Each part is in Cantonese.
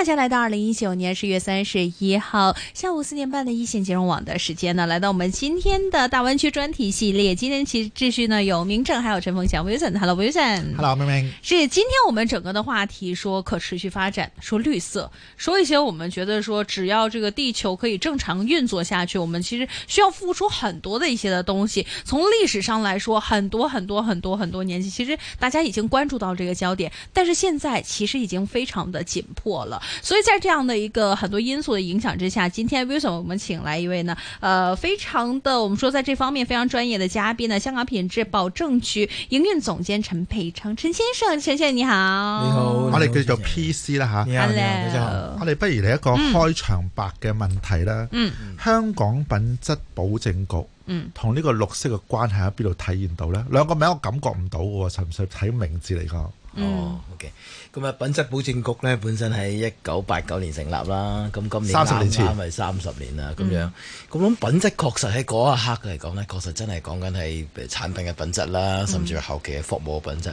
大家來到二零一九年十月三十一號下午四點半的一線金融網的時間呢，來到我們今天的大灣區專題系列。今天其秩序呢有明正，還有陳鳳翔。Wilson，Hello，Wilson。Hello，妹妹。是今天我們整個的話題，說可持續發展，說綠色，說一些我們覺得說只要這個地球可以正常運作下去，我們其實需要付出很多的一些的東西。從歷史上來說，很多很多很多很多，很多年紀，其實大家已經關注到這個焦點，但是現在其實已經非常的緊迫了。所以在這樣的一個很多因素的影響之下，今天 Wilson，我們請來一位呢，呃，非常的，我們說在這方面非常專業的嘉賓呢，香港品質保證局營運總監陳沛昌，陳先生，陳先生,陳先生，你好，你好，你好，我哋叫做 PC 啦吓，Hello，我哋不如嚟一個開場白嘅問題啦，嗯，香港品質保證局，嗯，同呢個綠色嘅關係喺邊度體現到呢？嗯，兩個名我感覺唔到嘅，純粹睇名字嚟講，哦，OK。咁啊，品質保證局咧本身喺一九八九年成立啦，咁今年廿三咪三十年啦，咁年樣。咁我、嗯、品質確實喺嗰一刻嚟講呢，確實真係講緊係產品嘅品質啦，甚至後期嘅服務品質。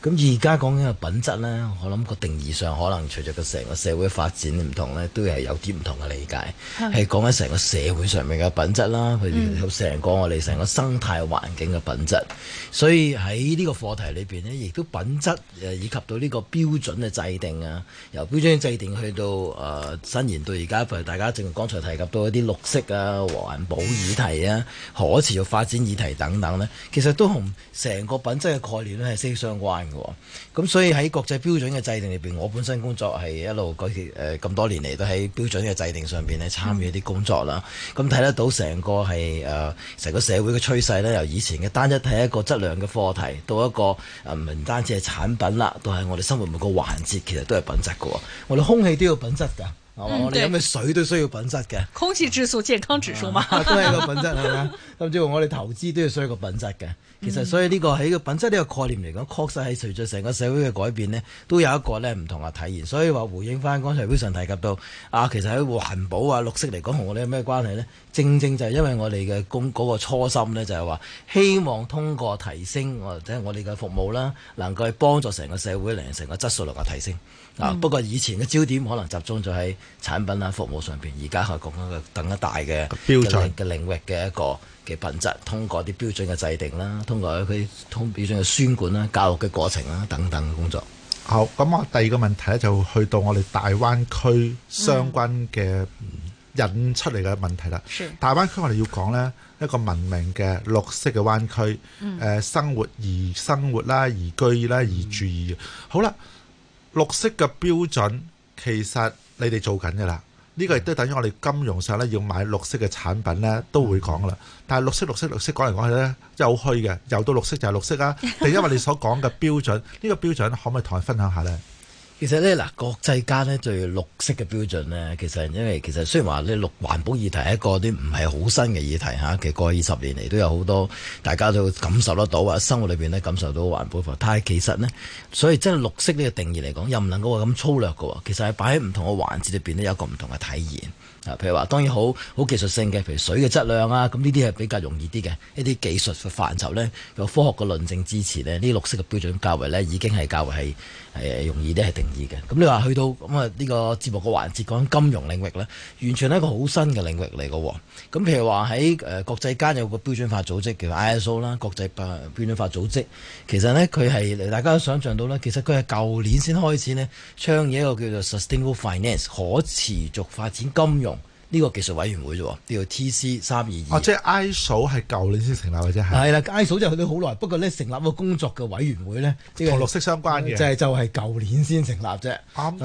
咁而家講緊嘅品質呢，我諗個定義上可能隨着個成個社會發展唔同呢，都係有啲唔同嘅理解，係講緊成個社會上面嘅品質啦，佢有成個我哋成個生態環境嘅品質。所以喺呢個課題裏邊呢，亦都品質誒以及到呢個標。標準嘅制定啊，由標準嘅制定去到誒、呃、新研，到而家譬如大家正剛才提及到一啲綠色啊、環保議題啊、可持續發展議題等等咧，其實都同成個品質嘅概念咧係息息相關嘅。咁所以喺國際標準嘅制定入邊，我本身工作係一路改誒咁多年嚟，都喺標準嘅制定上邊咧參與啲工作啦。咁睇、嗯、得到成個係誒成個社會嘅趨勢咧，由以前嘅單一睇一個質量嘅課題到一個誒唔、呃、單止係產品啦，都係我哋生活個環節其實都係品質嘅，我哋空氣都要品質㗎。哦，你有咩水都需要品質嘅，空氣質素、健康指數嘛？ 都係個品質，係咪？甚至乎我哋投資都要需要一個品質嘅。其實所以呢、呢個喺個品質呢、呢個概念嚟講，確實係隨着成個社會嘅改變呢，都有一個呢唔同嘅體現。所以話回應翻剛才表上提及到啊，其實喺環保啊、綠色嚟講，同我哋有咩關係呢？正正就係因為我哋嘅公嗰個初心呢，就係話希望通過提升、就係、我即我哋嘅服務啦，能夠幫助成個社會令成個質素能夠提升。嗱、啊，不過以前嘅焦點可能集中咗喺……產品啦、服務上邊，而家係講緊一個等一大嘅標準嘅領域嘅一個嘅品質。準通過啲標準嘅制定啦，通過佢佢通標準嘅宣管啦、教育嘅過程啦等等嘅工作。好咁，我第二個問題咧，就去到我哋大灣區相關嘅引出嚟嘅問題啦。嗯、大灣區我哋要講咧一個文明嘅綠色嘅灣區，誒、嗯呃、生活而生活啦，而居啦而住。嗯、好啦，綠色嘅標準其實。你哋做緊嘅啦，呢個亦都等於我哋金融上咧要買綠色嘅產品咧，都會講噶啦。但係綠色、綠色、綠色講嚟講去咧，真係虛嘅。又到綠色就係綠色啦，定因為你所講嘅標準？呢個標準可唔可以同我分享下呢？其實咧嗱，國際間咧對綠色嘅標準呢，其實因為其實雖然話咧綠環保議題係一個啲唔係好新嘅議題吓，其實過去二十年嚟都有好多，大家都感受得到或者生活裏邊咧感受到環保。法但係其實呢，所以真係綠色呢個定義嚟講，又唔能夠咁粗略嘅，其實係擺喺唔同嘅環節裏邊咧，有一個唔同嘅體現。啊，譬如話當然好好技術性嘅，譬如水嘅質量啊，咁呢啲係比較容易啲嘅一啲技術嘅範疇咧，有科學嘅論證支持咧，呢綠色嘅標準呢較為咧已經係較為係誒容易啲係定義嘅。咁你話去到咁啊呢個節目嘅環節講金融領域咧，完全係一個好新嘅領域嚟嘅。咁譬如話喺誒國際間有個標準化組織叫 ISO 啦，IS o, 國際嘅標準化組織，其實咧佢係大家都想象到啦，其實佢係舊年先開始咧倡議一個叫做 sustainable finance 可持續發展金融。呢個技術委員會啫，叫 T.C. 三二二。哦，即係 ISO 係舊年先成立嘅啫。係啦，ISO 就去咗好耐，不過咧成立個工作嘅委員會咧，即係同綠色相關嘅。即係就係舊年先成立啫。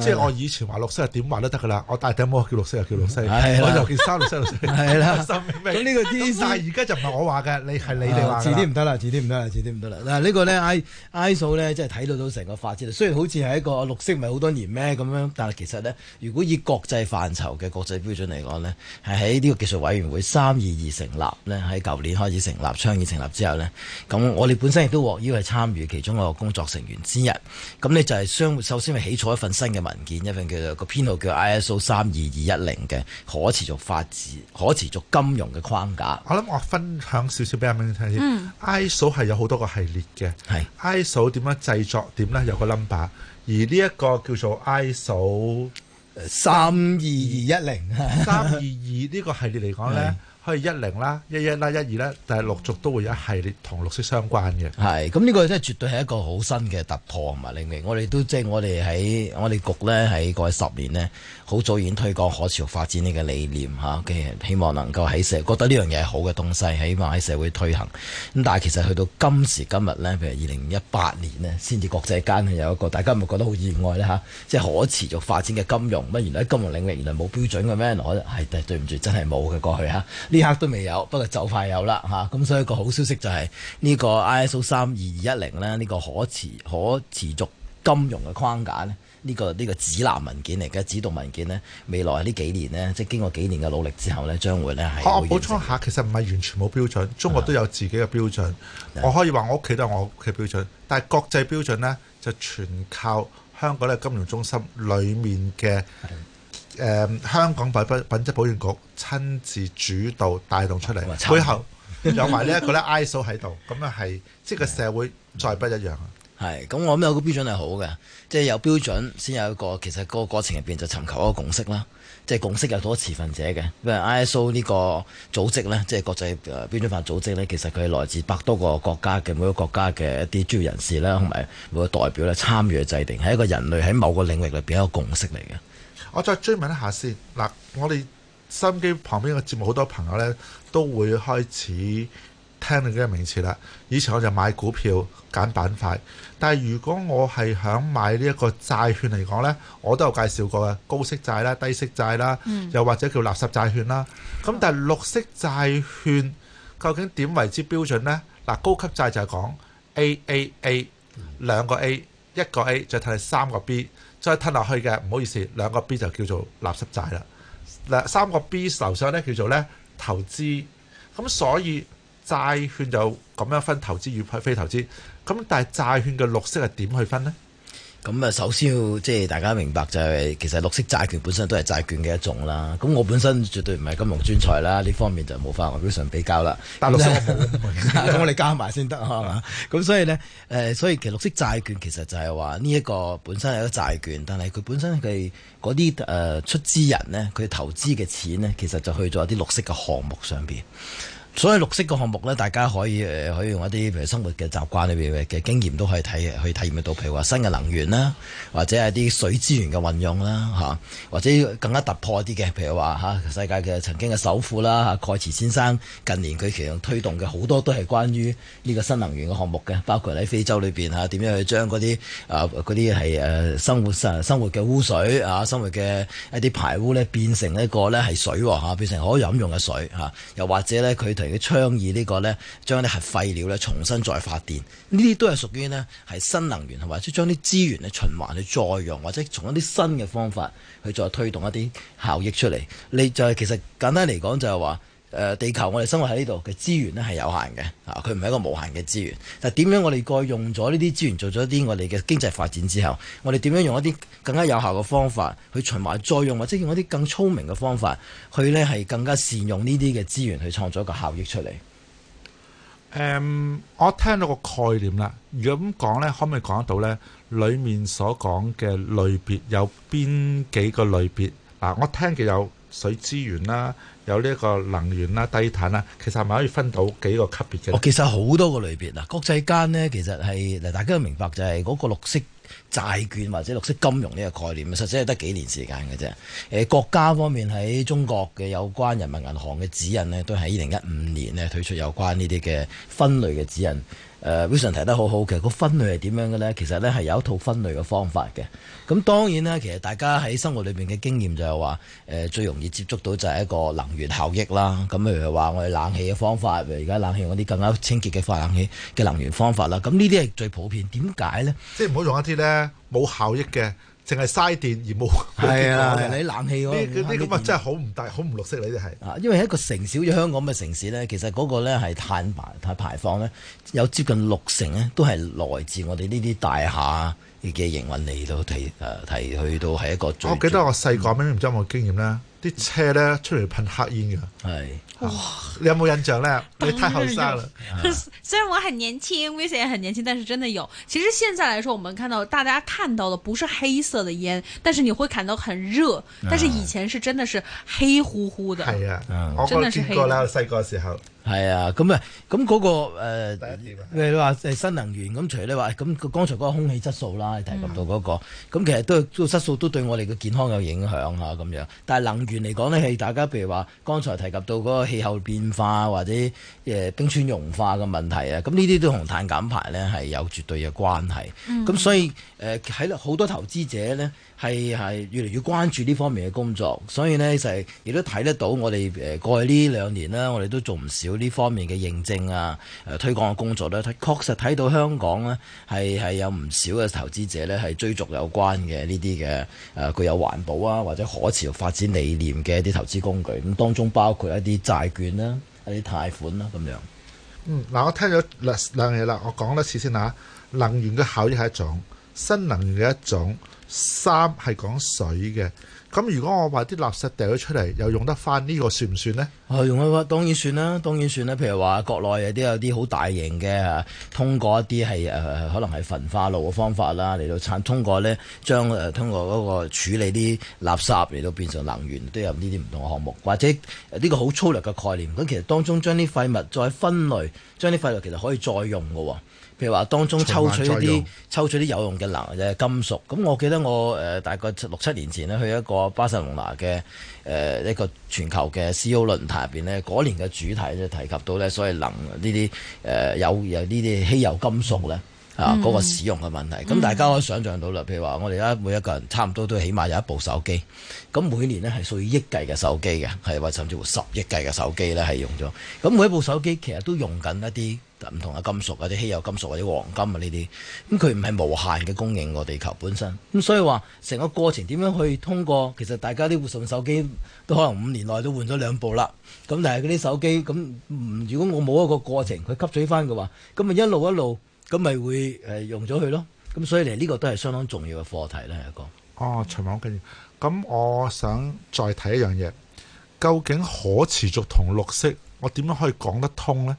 即係我以前話綠色啊，點話都得㗎啦。我大頂我叫綠色啊，叫綠色，我就叫三綠色。係啦。咁呢個 T.C. 而家就唔係我話嘅。你係你哋話。遲啲唔得啦，遲啲唔得啦，遲啲唔得啦。嗱呢個咧，ISO 咧，即係睇到到成個發展。雖然好似係一個綠色，咪好多年咩咁樣，但係其實咧，如果以國際範疇嘅國際標準嚟講，我咧係喺呢個技術委員會三二二成立呢，喺舊年開始成立、倡議成立之後呢，咁我哋本身亦都獲邀係參與其中一個工作成員之一。咁咧就係先首先係起草一份新嘅文件，一份叫做個編號叫 ISO 三二二一零嘅可持續發展、可持續金融嘅框架。我諗我分享少少俾阿 Ben 你聽先。嗯、mm. ISO 係有好多個系列嘅。係是 ISO 點樣製作？點呢？有個 number，而呢一個叫做 ISO。三二二一零，三二二呢個系列嚟講咧。去一零啦、一一啦、一二啦，但係陸續都會有一系列同綠色相關嘅。係咁呢個真係絕對係一個好新嘅突破啊嘛！領域，我哋都即係、就是、我哋喺我哋局咧喺過去十年呢，好早已經推廣可持續發展呢個理念嚇嘅，啊、okay，希望能夠喺社會覺得呢樣嘢係好嘅東西，希望喺社會推行。咁但係其實去到今時今日咧，譬如二零一八年呢，先至國際間有一個，大家唔咪覺得好意外咧嚇、啊，即係可持續發展嘅金融。乜、啊、原來金融領域原來冇標準嘅咩？我係對唔住，真係冇嘅過去嚇。呢刻都未有，不過就快有啦嚇！咁、啊、所以一個好消息就係、是、呢、這個 ISO 三二二一零咧，呢個可持可持續金融嘅框架咧，呢、這個呢、這個指南文件嚟嘅指導文件咧，未來呢幾年咧，即係經過幾年嘅努力之後咧，將會咧係。我補充下，其實唔係完全冇標準，中國都有自己嘅標準。的我可以話我屋企都係我屋企標準，但係國際標準呢，就全靠香港嘅金融中心裡面嘅。誒、嗯，香港品質保證局親自主導帶動出嚟，背後有埋呢一個咧 ISO 喺度，咁啊係，即係個社會再不一樣啊。係，咁我諗有個標準係好嘅，即係有標準先有一個，其實個過程入邊就尋求一個共識啦。即係共識有好多持份者嘅，因為 ISO 呢個組織咧，即係國際標準化組織咧，其實佢係來自百多個國家嘅每個國家嘅一啲專業人士啦，同埋每個代表咧參與制定，係一個人類喺某個領域裏邊一個共識嚟嘅。我再追問一下先，嗱，我哋收音機旁邊嘅節目好多朋友咧，都會開始聽到呢個名詞啦。以前我就買股票揀板塊，但係如果我係想買呢一個債券嚟講呢，我都有介紹過嘅高息債啦、低息債啦，嗯、又或者叫垃圾債券啦。咁但係綠色債券究竟點為之標準呢？嗱，高級債就係講 AAA 兩個 A 一個 A，再睇三個 B。再吞落去嘅唔好意思，兩個 B 就叫做垃圾債啦，三個 B 樓上咧叫做咧投資，咁所以債券就咁樣分投資與非投資，咁但係債券嘅綠色係點去分呢？咁啊，首先要即係大家明白就係，其實綠色債券本身都係債券嘅一種啦。咁我本身絕對唔係金融專才啦，呢、嗯、方面就冇法外表上比較啦。但綠色我冇，咁 我哋加埋先得，係嘛？ 咁所以呢，誒，所以其實綠色債券其實就係話呢一個本身係一個債券，但係佢本身佢嗰啲誒出資人呢，佢投資嘅錢呢，其實就去咗一啲綠色嘅項目上邊。所以綠色嘅項目咧，大家可以誒、呃、可以用一啲譬如生活嘅習慣裏邊嘅經驗，都可以睇去體驗得到。譬如話新嘅能源啦，或者係啲水資源嘅運用啦，嚇、啊，或者更加突破啲嘅，譬如話嚇、啊、世界嘅曾經嘅首富啦，嚇、啊、蓋茨先生近年佢其實推動嘅好多都係關於呢個新能源嘅項目嘅，包括喺非洲裏邊嚇點樣去將嗰啲啊啲係誒生活生生活嘅污水啊，生活嘅一啲排污咧變成一個咧係水嚇、啊、變成可飲用嘅水嚇、啊，又或者咧佢。嚟啲倡議呢個呢，將啲核廢料呢重新再發電，呢啲都係屬於呢係新能源，或者將啲資源咧循環去再用，或者從一啲新嘅方法去再推動一啲效益出嚟。你就係其實簡單嚟講就係話。誒地球，我哋生活喺呢度嘅資源咧係有限嘅，啊，佢唔係一個無限嘅資源。但點樣我哋過用咗呢啲資源做咗一啲我哋嘅經濟發展之後，我哋點樣用一啲更加有效嘅方法去循環再用，或者用一啲更聰明嘅方法去呢？係更加善用呢啲嘅資源去創造一個效益出嚟。誒、嗯，我聽到個概念啦，如果咁講呢，可唔可以講得到呢？裡面所講嘅類別有邊幾個類別？嗱、嗯，我聽嘅有。水資源啦，有呢個能源啦、低碳啦，其實係咪可以分到幾個級別嘅？其實好多個類別啊！國際間呢，其實係大家都明白就係嗰個綠色債券或者綠色金融呢個概念，實際係得幾年時間嘅啫。誒，國家方面喺中國嘅有關人民銀行嘅指引呢，都喺二零一五年呢推出有關呢啲嘅分類嘅指引。誒 Wilson、呃、提得好好，其實個分類係點樣嘅咧？其實咧係有一套分類嘅方法嘅。咁當然啦，其實大家喺生活裏邊嘅經驗就係話，誒、呃、最容易接觸到就係一個能源效益啦。咁譬如話，我哋冷氣嘅方法，而家冷氣用啲更加清潔嘅發冷氣嘅能源方法啦。咁呢啲係最普遍，點解咧？即係唔好用一啲咧冇效益嘅。淨係嘥電而冇係啊！你、啊啊、冷氣嗰啲嗰啲咁啊，真係好唔大好唔綠色，啊，你啲係啊！因為喺一個城市好似香港嘅城市咧，其實嗰個咧係碳排碳排放咧，有接近六成咧都係來自我哋呢啲大廈嘅營運嚟到、uh, 提誒提去到係一個。我記得我細個咩唔知有冇經驗啦。啲車咧出嚟噴黑煙嘅，係哇！你有冇印象咧？你太後生啦。啊、雖然我很年輕 William 也很年輕，但是真的有。其實現在來說，我們看到大家看到的不是黑色的煙，但是你會看到很熱。但是以前是真的是黑乎乎的。係啊，啊我都見過啦，細個時候。係啊，咁啊，咁嗰、那個、呃呃、你話新能源咁，除咗話咁，剛才嗰個空氣質素啦，你提及到嗰、那個，咁、嗯、其實都質素都，都對我哋嘅健康有影響啊。咁樣。但係能原嚟講呢，係大家譬如話，剛才提及到嗰個氣候變化或者誒、呃、冰川融化嘅問題啊，咁呢啲都同碳減排呢係有絕對嘅關係。咁、嗯、所以誒喺好多投資者呢。係係越嚟越關注呢方面嘅工作，所以呢，就係亦都睇得到我哋誒過去呢兩年咧，我哋都做唔少呢方面嘅認證啊、誒、啊、推廣嘅工作呢，睇確實睇到香港呢係係有唔少嘅投資者呢係追逐有關嘅呢啲嘅誒具有環保啊或者可持續發展理念嘅一啲投資工具，咁當中包括一啲債券啦、啊、一啲貸款啦、啊、咁樣。嗯，嗱，我聽咗兩兩嘢啦，我講多次先嚇，能源嘅效益係一種新能源嘅一種。三係講水嘅，咁如果我話啲垃圾掉咗出嚟，又用得返呢個算唔算呢？啊，用啊，當然算啦，當然算啦。譬如話國內啊，都有啲好大型嘅啊，通過一啲係誒，可能係焚化爐嘅方法啦，嚟到產。通過咧，將誒、啊、通過嗰個處理啲垃圾嚟到變成能源，都有呢啲唔同嘅項目。或者呢、啊呢個好粗略嘅概念，咁其實當中將啲廢物再分類，將啲廢物其實可以再用嘅喎。譬如話，當中抽取一啲抽取啲有用嘅能嘅金屬。咁我記得我誒大概六七年前咧，去一個巴塞隆拿嘅誒一個全球嘅 CO 論壇入邊咧，嗰年嘅主題就提及到呢所謂能呢啲誒有有呢啲稀有金屬呢啊嗰個使用嘅問題。咁、嗯、大家可以想象到啦，譬如話我哋而家每一個人差唔多都起碼有一部手機。咁每年咧係數以億計嘅手機嘅，係或甚至乎十億計嘅手機呢係用咗。咁每一部手機其實都用緊一啲。唔同嘅金屬啊，啲稀有金屬或者黃金啊，呢啲咁佢唔係無限嘅供應我地球本身咁，所以話成個過程點樣去通過？其實大家啲換手機都可能五年內都換咗兩部啦。咁但係嗰啲手機咁，如果我冇一個過程佢吸取翻嘅話，咁咪一路一路咁咪會誒用咗佢咯。咁所以嚟呢個都係相當重要嘅課題咧，係一個。哦，循環繼續。咁、嗯、我想再睇一樣嘢，究竟可持續同綠色，我點樣可以講得通咧？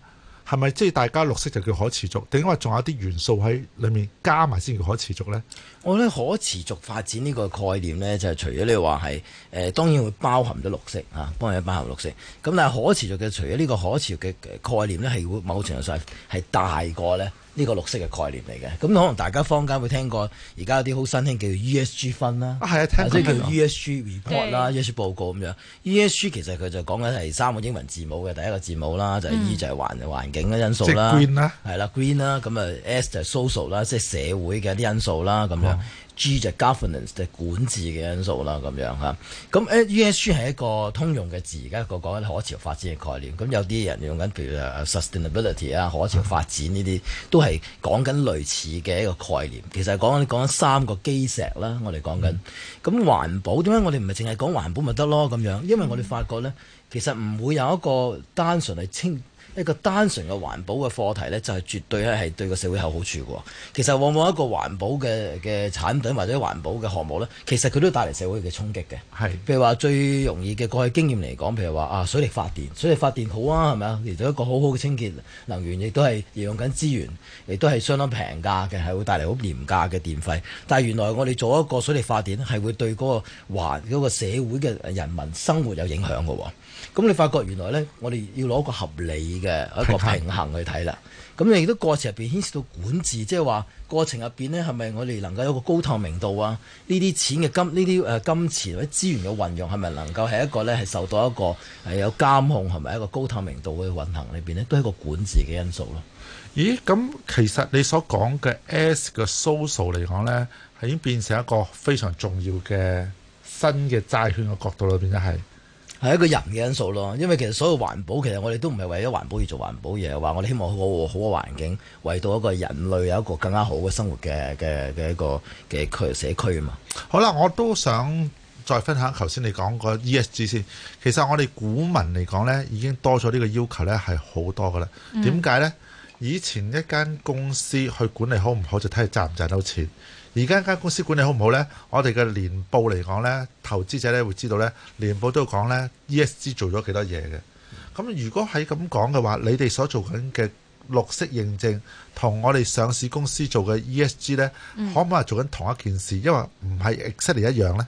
係咪即係大家綠色就叫可持續？定係仲有啲元素喺裏面加埋先叫可持續咧？我覺得可持續發展呢個概念咧，就係、是、除咗你話係誒，當然會包含咗綠色啊，當然包含綠色。咁、啊、但係可持續嘅，除咗呢個可持續嘅概念咧，係會某程度上係大過咧。呢個綠色嘅概念嚟嘅，咁可能大家坊間會聽過而家有啲好新興叫做 ESG 分啦，即係叫做 ESG report 啦，ESG 對報告咁樣。ESG 其實佢就講緊係三個英文字母嘅，第一個字母啦就係、是、E 就係環環境嘅因素啦，green 啦係 green 啦、啊，咁啊 S 就 social 啦，即係社會嘅一啲因素啦咁對樣。G 就 governance 就係管治嘅因素啦，咁樣嚇。咁誒，ESG 係一個通用嘅字，而家一個講緊可持續發展嘅概念。咁有啲人用緊，譬如誒 sustainability 啊，可持續發展呢啲，都係講緊類似嘅一個概念。其實講緊講緊三個基石啦，我哋講緊。咁、嗯、環保點解我哋唔係淨係講環保咪得咯？咁樣，因為我哋發覺咧，其實唔會有一個單純係清。一個單純嘅環保嘅課題呢，就係絕對咧係對個社會有好處嘅。其實往往一個環保嘅嘅產品或者環保嘅項目呢，其實佢都帶嚟社會嘅衝擊嘅。係譬如話最容易嘅過去經驗嚟講，譬如話啊水力發電，水力發電好啊，係咪啊？其實一個好好嘅清潔能源，亦都係利用緊資源，亦都係相當平價嘅，係會帶嚟好廉價嘅電費。但係原來我哋做一個水力發電，係會對嗰個環嗰個社會嘅人民生活有影響嘅。咁你發覺原來咧，我哋要攞個合理嘅一個平衡去睇啦。咁你亦都過程入邊牽涉到管治，即係話過程入邊咧，係咪我哋能夠有個高透明度啊？呢啲錢嘅金，呢啲誒金錢或者資源嘅運用係咪能夠係一個咧係受到一個係有監控，係咪一個高透明度嘅運行裏邊咧，都係一個管治嘅因素咯。咦？咁其實你所講嘅 S 嘅 social 嚟講咧，係已經變成一個非常重要嘅新嘅債券嘅角度裏邊咧，係。係一個人嘅因素咯，因為其實所有環保，其實我哋都唔係為咗環保而做環保，嘢，而係話我哋希望好好嘅環境，為到一個人類有一個更加好嘅生活嘅嘅嘅一個嘅區社區啊嘛。好啦，我都想再分享頭先你講個 ESG 先。其實我哋股民嚟講呢，已經多咗呢個要求呢，係好多噶啦。點解呢？以前一間公司去管理好唔好，就睇你賺唔賺到錢。而家間公司管理好唔好呢？我哋嘅年報嚟講呢，投資者呢，會知道呢，年報都會講呢 ESG 做咗幾多嘢嘅。咁如果係咁講嘅話，你哋所做緊嘅綠色認證同我哋上市公司做嘅 ESG 呢，可唔可以做緊同一件事？因為唔係 exactly 一樣呢。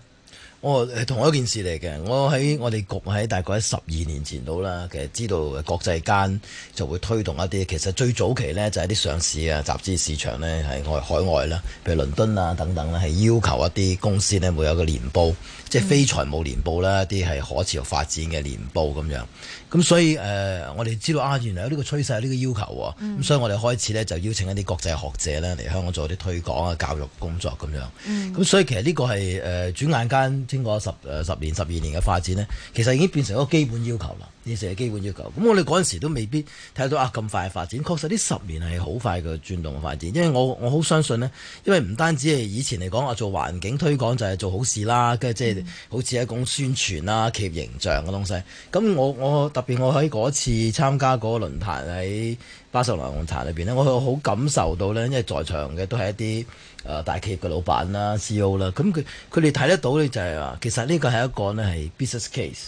我係、哦、同一件事嚟嘅，我喺我哋局喺大概喺十二年前度啦，其實知道國際間就會推動一啲，其實最早期呢，就係啲上市啊集資市場呢，係外海外啦，譬如倫敦啊等等啦，係要求一啲公司呢，會有一個年報。即係非財務年報啦，啲係可持續發展嘅年報咁樣。咁所以誒、呃，我哋知道啊，原來有呢個趨勢，呢、呢個要求喎、啊。咁、嗯、所以我哋開始咧就邀請一啲國際學者咧嚟香港做啲推廣啊、教育工作咁樣。咁所以其實呢個係誒、呃、轉眼間經過十誒、呃、十年、十二年嘅發展咧，其實已經變成一個基本要求啦。呢四個基本要求，咁我哋嗰陣時都未必睇到啊咁快嘅發展。確實呢十年係好快嘅轉動發展，因為我我好相信呢，因為唔單止係以前嚟講啊，做環境推廣就係做好事啦，跟即係好似一種宣傳啦、企業形象嘅東西。咁我我特別我喺嗰次參加嗰個論壇喺巴塞隆納論壇裏邊咧，我好感受到呢，因為在場嘅都係一啲誒大企業嘅老闆啦、c o 啦，咁佢佢哋睇得到呢，就係話，其實呢個係一個咧係 business case。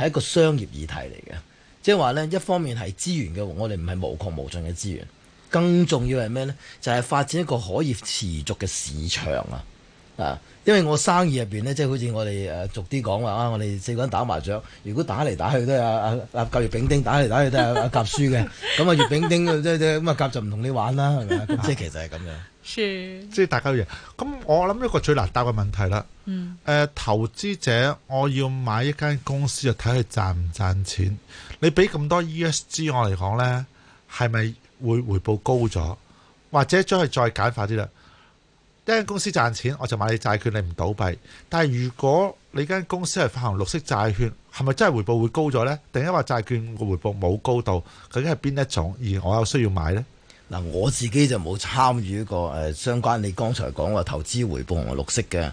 係一個商業議題嚟嘅，即係話呢，一方面係資源嘅，我哋唔係無窮無盡嘅資源。更重要係咩呢？就係、是、發展一個可以持續嘅市場啊！啊，因為我生意入邊呢，即、就、係、是、好似我哋誒俗啲講話啊，我哋四個人打麻雀，如果打嚟打去都係阿甲乙丙丁,丁打嚟打去都係阿甲輸嘅，咁啊乙丙丁即係咁啊甲就唔同、啊、你玩啦，係咪？即係其實係咁樣,樣。 是即係大家嘢咁，我諗一個最難答嘅問題啦。誒、嗯呃，投資者我要買一間公司，就睇佢賺唔賺錢。你俾咁多 ESG，我嚟講呢，係咪會回報高咗？或者將佢再簡化啲啦，一間公司賺錢，我就買你債券，你唔倒閉。但係如果你間公司係發行綠色債券，係咪真係回報會高咗呢？定係話債券個回報冇高到？究竟係邊一種？而我有需要買呢？嗱，我自己就冇參與過誒相關，你剛才講話投資回報同綠色嘅，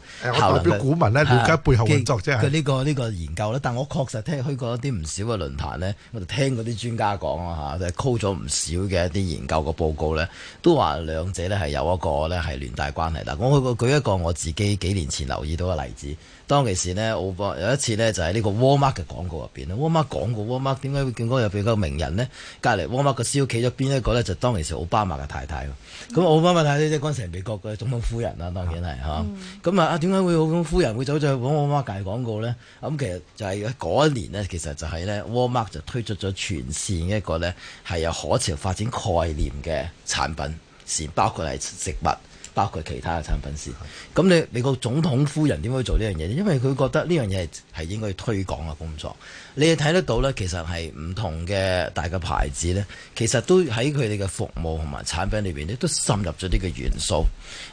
股民咧瞭解背後工作即係呢個呢個研究咧。但我確實聽去過一啲唔少嘅論壇咧，我就聽嗰啲專家講啊，嚇，就溝咗唔少嘅一啲研究嘅報告咧，都話兩者咧係有一個咧係聯帶關係。嗱，我去過舉一個我自己幾年前留意到嘅例子。當其時呢，奧巴有一次呢，就係、是、呢個 Walmart 嘅廣告入邊呢，Walmart 講過 Walmart，點解會見到有邊一個名人呢？隔離 Walmart 嘅燒企咗邊站站一個呢，就當其時奧巴馬嘅太太，咁奧、mm hmm. 巴馬太太即係講成美國嘅總統夫人啦、啊，當然係嚇。咁、mm hmm. 啊，點解會總統夫人會走咗去講 Walmart 介廣告呢？咁、嗯、其實就係嗰一年呢，其實就係呢，Walmart 就推出咗全線一個呢，係有可持續發展概念嘅產品，是包括係食物。包括其他嘅產品先，咁你美國總統夫人點解會做呢樣嘢咧？因為佢覺得呢樣嘢係係應該去推廣嘅工作。你哋睇得到呢，其實係唔同嘅大嘅牌子呢，其實都喺佢哋嘅服務同埋產品裏邊咧，都滲入咗啲嘅元素。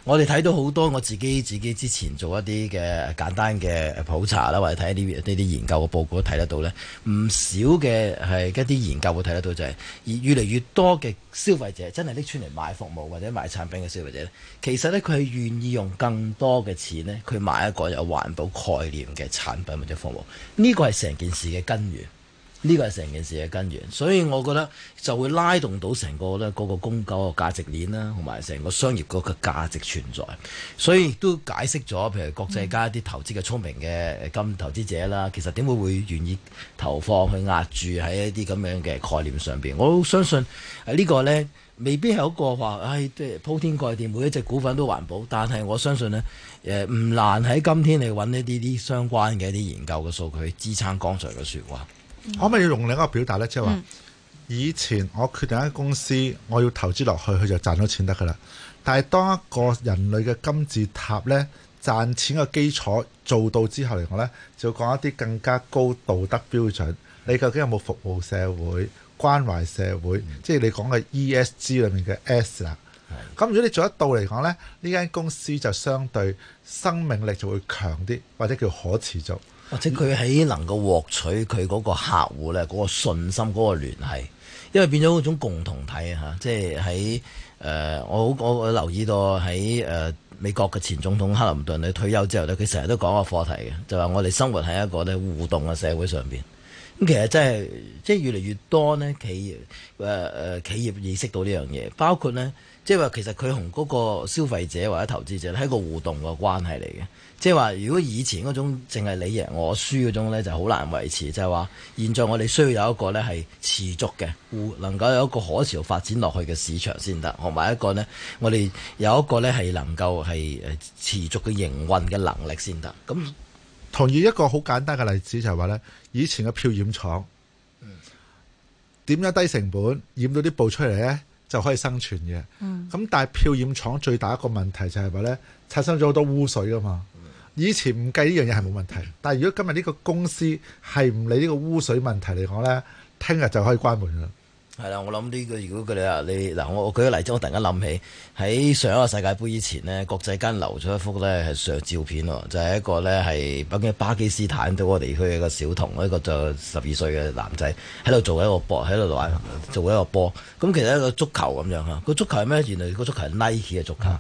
我哋睇到好多我自己自己之前做一啲嘅簡單嘅普查啦，或者睇啲呢啲研究嘅報告都睇得到呢，唔少嘅係一啲研究會睇得到，得到就係越嚟越多嘅。消費者真係拎出嚟買服務或者買產品嘅消費者咧，其實咧佢係願意用更多嘅錢咧，去買一個有環保概念嘅產品或者服務，呢個係成件事嘅根源。呢個係成件事嘅根源，所以我覺得就會拉動到成個呢個個供嘅價值鏈啦，同埋成個商業嗰個價值存在。所以都解釋咗，譬如國際間一啲投資嘅聰明嘅金投資者啦，其實點會會願意投放去壓住喺一啲咁樣嘅概念上邊？我相信呢個呢未必係一個話，唉、哎，即係鋪天蓋地每一隻股份都環保。但係我相信呢，誒、呃、唔難喺今天你揾一啲啲相關嘅一啲研究嘅數據去支撐剛才嘅説話。可唔可以用另一個表達呢？即係話以前我決定一間公司，我要投資落去，佢就賺到錢得噶啦。但係當一個人類嘅金字塔呢，賺錢嘅基礎做到之後嚟講呢，就要講一啲更加高道德標準。你究竟有冇服務社會、關懷社會？嗯、即係你講嘅 ESG 裏面嘅 S 啦。咁、嗯、如果你做得到嚟講呢，呢間公司就相對生命力就會強啲，或者叫可持續。或者佢喺能夠獲取佢嗰個客戶咧嗰個信心嗰、嗰個聯繫，因為變咗嗰種共同體啊嚇，即係喺誒我我我留意到喺誒、呃、美國嘅前總統克林頓佢退休之後咧，佢成日都講個課題嘅，就話我哋生活喺一個咧互動嘅社會上邊，咁其實真、就、係、是、即係越嚟越多呢企業誒誒、呃、企業意識到呢樣嘢，包括呢。即係話，其實佢同嗰個消費者或者投資者係一個互動嘅關係嚟嘅。即係話，如果以前嗰種淨係你贏我輸嗰種咧，就好難維持。就係話，現在我哋需要有一個咧係持續嘅能夠有一個可持續發展落去嘅市場先得，同埋一個呢，我哋有一個咧係能夠係誒持續嘅營運嘅能力先得。咁，同意一個好簡單嘅例子就係話咧，以前嘅漂染廠，點解低成本染到啲布出嚟呢？就可以生存嘅，咁、嗯、但係漂染廠最大一個問題就係話呢，產生咗好多污水噶嘛。以前唔計呢樣嘢係冇問題，但係如果今日呢個公司係唔理呢個污水問題嚟講呢，聽日就可以關門啦。係啦，我諗呢個如果佢哋啊，你嗱，我我舉個例子，我突然間諗起喺上一個世界杯以前呢，國際間留咗一幅咧係相照片喎，就係一個咧係北京巴基斯坦啲我地區嘅一個小童，一個就十二歲嘅男仔喺度做一個波，喺度玩，做一個波，咁其實一個足球咁樣吓，個足球係咩？原來個足球係 Nike 嘅足球。嗯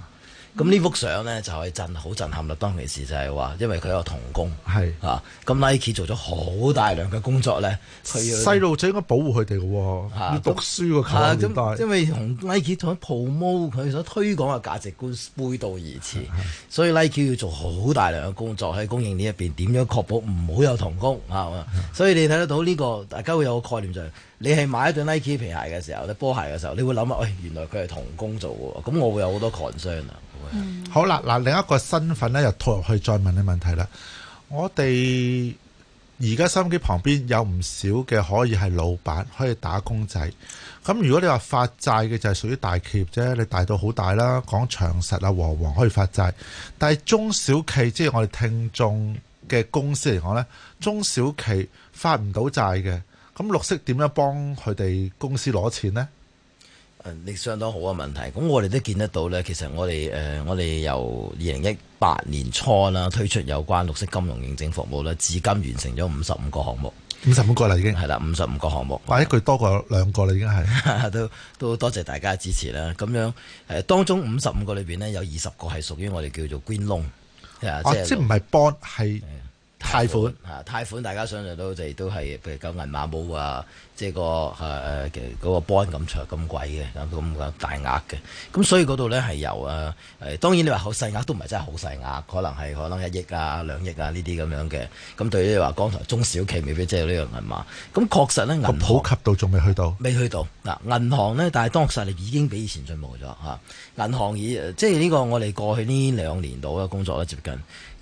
咁呢幅相咧就係震好震撼啦，當其時就係話，因為佢有童工。係啊，咁 Nike 做咗好大量嘅工作咧，佢要細路仔應該保護佢哋嘅喎，要讀書嘅求學年代。因為同 Nike 所 promote 佢所推廣嘅價值觀背道而馳，係係所以 Nike 要做好大量嘅工作喺供應呢一邊，點樣確保唔好有童工係嘛？係係所以你睇得到呢個，大家會有個概念就係。你係買一對 Nike 皮鞋嘅時候，啲波鞋嘅時候，你會諗啊？喂、哎，原來佢係童工做喎，咁我會有好多 concern 啦、啊。嗯、好啦，嗱另一個身份咧，又套入去再問你問題啦。我哋而家收音機旁邊有唔少嘅可以係老闆，可以打工仔。咁如果你話發債嘅就係屬於大企業啫，你大到好大啦，講長實啊，和黃可以發債，但係中小企即係我哋聽眾嘅公司嚟講咧，中小企發唔到債嘅。咁綠色點樣幫佢哋公司攞錢呢？誒，你相當好嘅問題。咁我哋都見得到呢，其實我哋誒、呃，我哋由二零一八年初啦推出有關綠色金融認證服務咧，至今完成咗五十五個項目。五十五個啦，已經係啦，五十五個項目，哇！一句多過兩個啦，已經係 都都多謝大家支持啦。咁樣誒，當中五十五個裏邊呢，有二十個係屬於我哋叫做 Green Loan、啊、即唔係 bond 係？貸款啊，貸款，款大家想像到，就係，哋都係譬如講銀碼冇、就係嗰個、啊，即係個誒誒嗰個 bond 咁長咁貴嘅咁咁大額嘅，咁所以嗰度咧係由，啊誒，當然你話好細額都唔係真係好細額，可能係可能一億啊兩億啊呢啲咁樣嘅，咁對於你話剛才中小企未必業借呢樣銀碼，咁確實咧銀個普及度仲未去到，未去到嗱、啊、銀行咧，但係當實力已經比以前進步咗嚇、啊，銀行已、啊、即係呢個我哋過去呢兩年度嘅工作咧接近。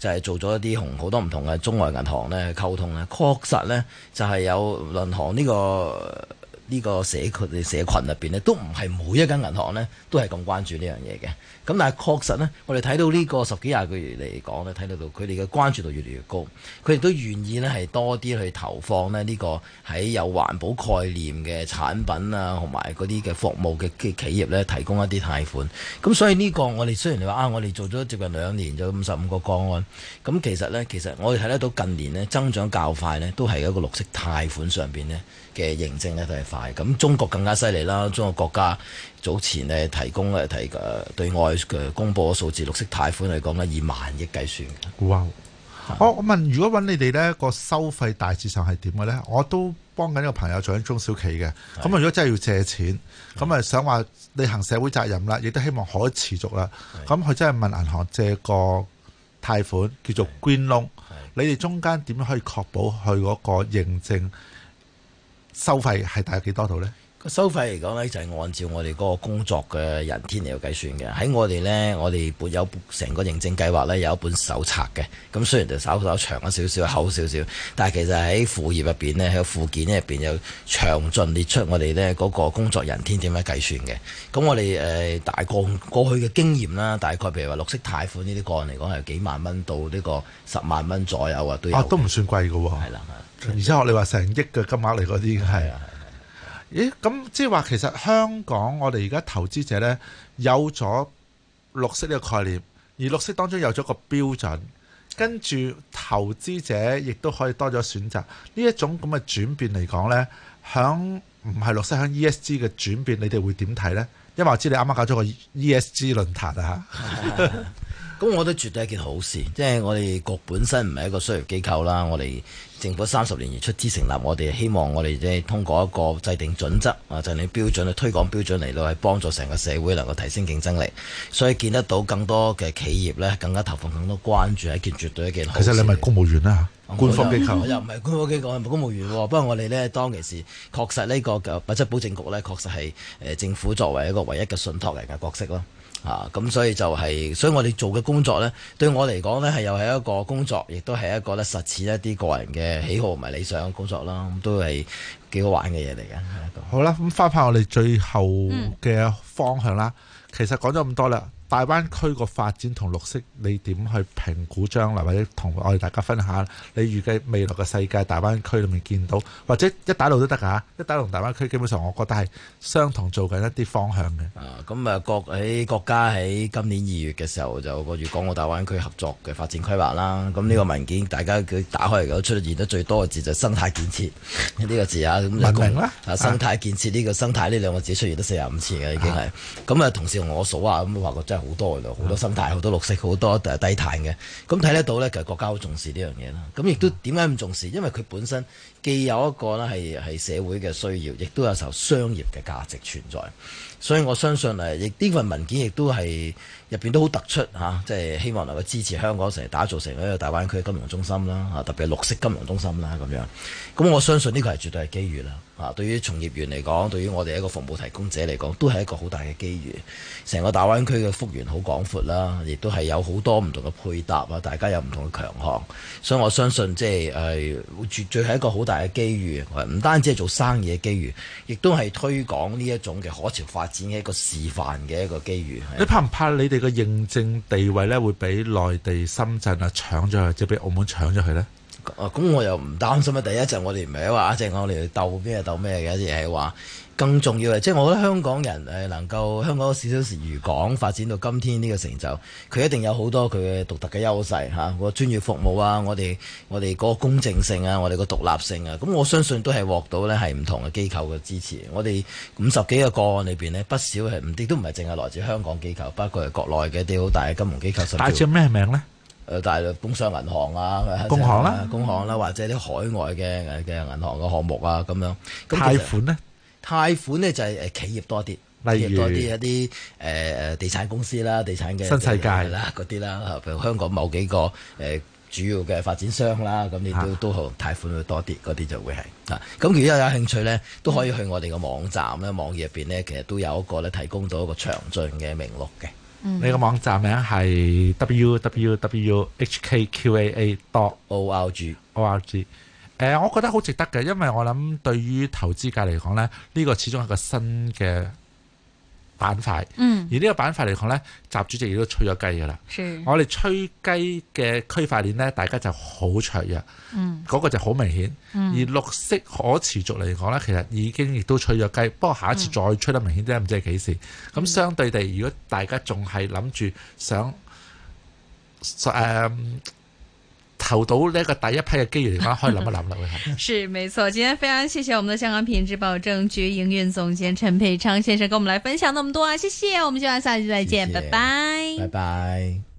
就係做咗一啲同好多唔同嘅中外銀行咧溝通咧，確實咧就係、是，有銀行呢個呢個社區社群入邊咧，都唔係每一間銀行咧都係咁關注呢樣嘢嘅。咁但係確實呢，我哋睇到呢個十幾廿個月嚟講呢，睇到到佢哋嘅關注度越嚟越高，佢哋都願意呢，係多啲去投放呢呢個喺有環保概念嘅產品啊，同埋嗰啲嘅服務嘅企業呢，提供一啲貸款。咁所以呢個我哋雖然你話啊，我哋做咗接近兩年，做五十五個個案。咁其實呢，其實我哋睇得到近年呢，增長較快呢，都係一個綠色貸款上面呢嘅認證呢，都係快。咁中國更加犀利啦，中國國家。早前咧提供咧提誒對外嘅公佈嘅數字，綠色貸款嚟講咧以萬億計算嘅。哇 Wow. 是！我我問，如果揾你哋呢個收費大致上係點嘅呢？我都幫緊一個朋友做緊中小企嘅。咁啊是，如果真係要借錢，咁啊是想話你行社會責任啦，亦都希望可以持續啦。咁佢是真係問銀行借個貸款叫做 Green Loan，你哋中間點樣可以確保佢嗰個認證收費係大約幾多度呢？個收費嚟講呢，就係按照我哋嗰個工作嘅人天嚟計算嘅。喺我哋呢，我哋本有成個認證計劃呢，有一本手冊嘅。咁雖然就稍稍長咗少少，厚少少，但係其實喺附頁入邊呢，喺附件入邊有詳盡列出我哋呢嗰個工作人天點樣計算嘅。咁我哋誒，大概過去嘅經驗啦，大概譬如話綠色貸款呢啲個案嚟講係幾萬蚊到呢個十萬蚊左右啊，都都唔算貴㗎喎。係啦，而且我哋話成億嘅金額嚟嗰啲係。咦，咁即係話其實香港我哋而家投資者呢，有咗綠色呢個概念，而綠色當中有咗個標準，跟住投資者亦都可以多咗選擇。呢一種咁嘅轉變嚟講呢，響唔係綠色，響 ESG 嘅轉變，你哋會點睇呢？因為我知你啱啱搞咗個 ESG 論壇啊。 咁我覺得絕對係一件好事，即係我哋局本身唔係一個商業機構啦。我哋政府三十年而出資成立我，我哋希望我哋即係通過一個制定準則啊，制定標準去推廣標準嚟到，係幫助成個社會能夠提升競爭力。所以見得到更多嘅企業咧，更加投放更多關注係一件絕對一件好事。其實你係咪公務員啦、啊，官方機構又唔係官方機構，唔係公，公務員。不過我哋咧當其時確實呢個品質保證局咧，確實係誒政府作為一個唯一嘅信託嚟嘅角色咯。啊，咁所以就係、是，所以我哋做嘅工作呢，對我嚟講呢，係又係一個工作，亦都係一個呢實踐一啲個人嘅喜好同埋理想工作啦，咁都係幾好玩嘅嘢嚟嘅。嗯、好啦，咁翻返我哋最後嘅方向啦，其實講咗咁多啦。大灣區個發展同綠色，你點去評估將來？或者同我哋大家分享下，你預計未來嘅世界，大灣區裏面見到，或者一帶路都得㗎，一帶路同大灣區，基本上我覺得係相同做緊一啲方向嘅。咁啊國喺國家喺今年二月嘅時候就個粵港澳大灣區合作嘅發展規劃啦。咁呢個文件，大家佢打開嚟講出現得最多嘅字就係、生態建設呢 個字啊。文明呢，生態建設呢、呢個 生態呢兩個字出現得四十五次嘅已經係。咁啊，同時我數下咁好多嘅，好多生態，好多綠色，好多誒低碳嘅，咁睇得到呢，就係國家好重視呢樣嘢啦。咁亦都點解咁重視？因為佢本身既有一個咧係係社會嘅需要，亦都有受商業嘅價值存在。所以我相信亦呢份文件亦都係入邊都好突出嚇、啊，即係希望能夠支持香港成日打造成一個大灣區金融中心啦，嚇、啊、特別係綠色金融中心啦咁、啊、樣。咁我相信呢個係絕對係機遇啦，嚇、啊、對於從業員嚟講，對於我哋一個服務提供者嚟講，都係一個好大嘅機遇。成個大灣區嘅幅員好廣闊啦，亦、啊、都係有好多唔同嘅配搭啊，大家有唔同嘅強項。所以我相信即係、呃、絕絕對係一個好大嘅機遇。唔單止係做生意嘅機遇，亦都係推廣呢一種嘅可持續發展。展一個示範嘅一個機遇，你怕唔怕你哋嘅認證地位咧會俾內地深圳啊搶咗去，即係俾澳門搶咗去咧？啊，咁我又唔擔心啊！第一就我哋唔係話啊，正、啊啊、我哋鬥咩鬥咩嘅，而係話更重要嘅，即、就、係、是、我覺得香港人誒能夠香港少少時漁港發展到今天呢個成就，佢一定有好多佢嘅獨特嘅優勢嚇，個專業服務啊，我哋我哋嗰個公正性啊，我哋個獨立性啊，咁、啊啊、我相信都係獲到呢係唔同嘅機構嘅支持。我哋五十幾個個案裏邊呢，不少係唔啲都唔係淨係來自香港機構，包括係國內嘅啲好大嘅金融機構。咩名咧？誒，大陸工商銀行啊，工行啦，啊，工行啦，啊，或者啲海外嘅嘅銀行嘅項目啊，咁樣。貸款呢，貸款呢就係誒企業多啲，例如多啲一啲誒誒地產公司啦，地產嘅新世界啦，嗰啲啦，譬如香港某幾個誒主要嘅發展商啦，咁你都都好貸款會多啲，嗰啲就會係啊。咁如果有有興趣咧，都可以去我哋個網站咧，網頁入邊咧，其實都有一個咧提供到一個詳盡嘅名錄嘅。你個網站名係 w w w h k q a a dot o r g o r g，誒，我覺得好值得嘅，因為我諗對於投資界嚟講咧，呢個始終係個新嘅。板塊，嗯、而呢個板塊嚟講呢，習主席亦都吹咗雞噶啦。是我哋吹雞嘅區塊鏈呢，大家就好脆弱。嗰、嗯、個就好明顯。嗯、而綠色可持續嚟講呢，其實已經亦都吹咗雞。不過下一次再吹得明顯啲，唔知係幾時。咁相對地，如果大家仲係諗住想，誒。Uh, 投到呢一個第一批嘅機遇嚟可以諗一諗流嘅係。 是，冇錯。今天非常謝謝我們嘅香港品質保證局營運總監陳沛昌先生，跟我們來分享那麼多，謝謝。我們希望下集再見，謝謝拜拜。拜拜。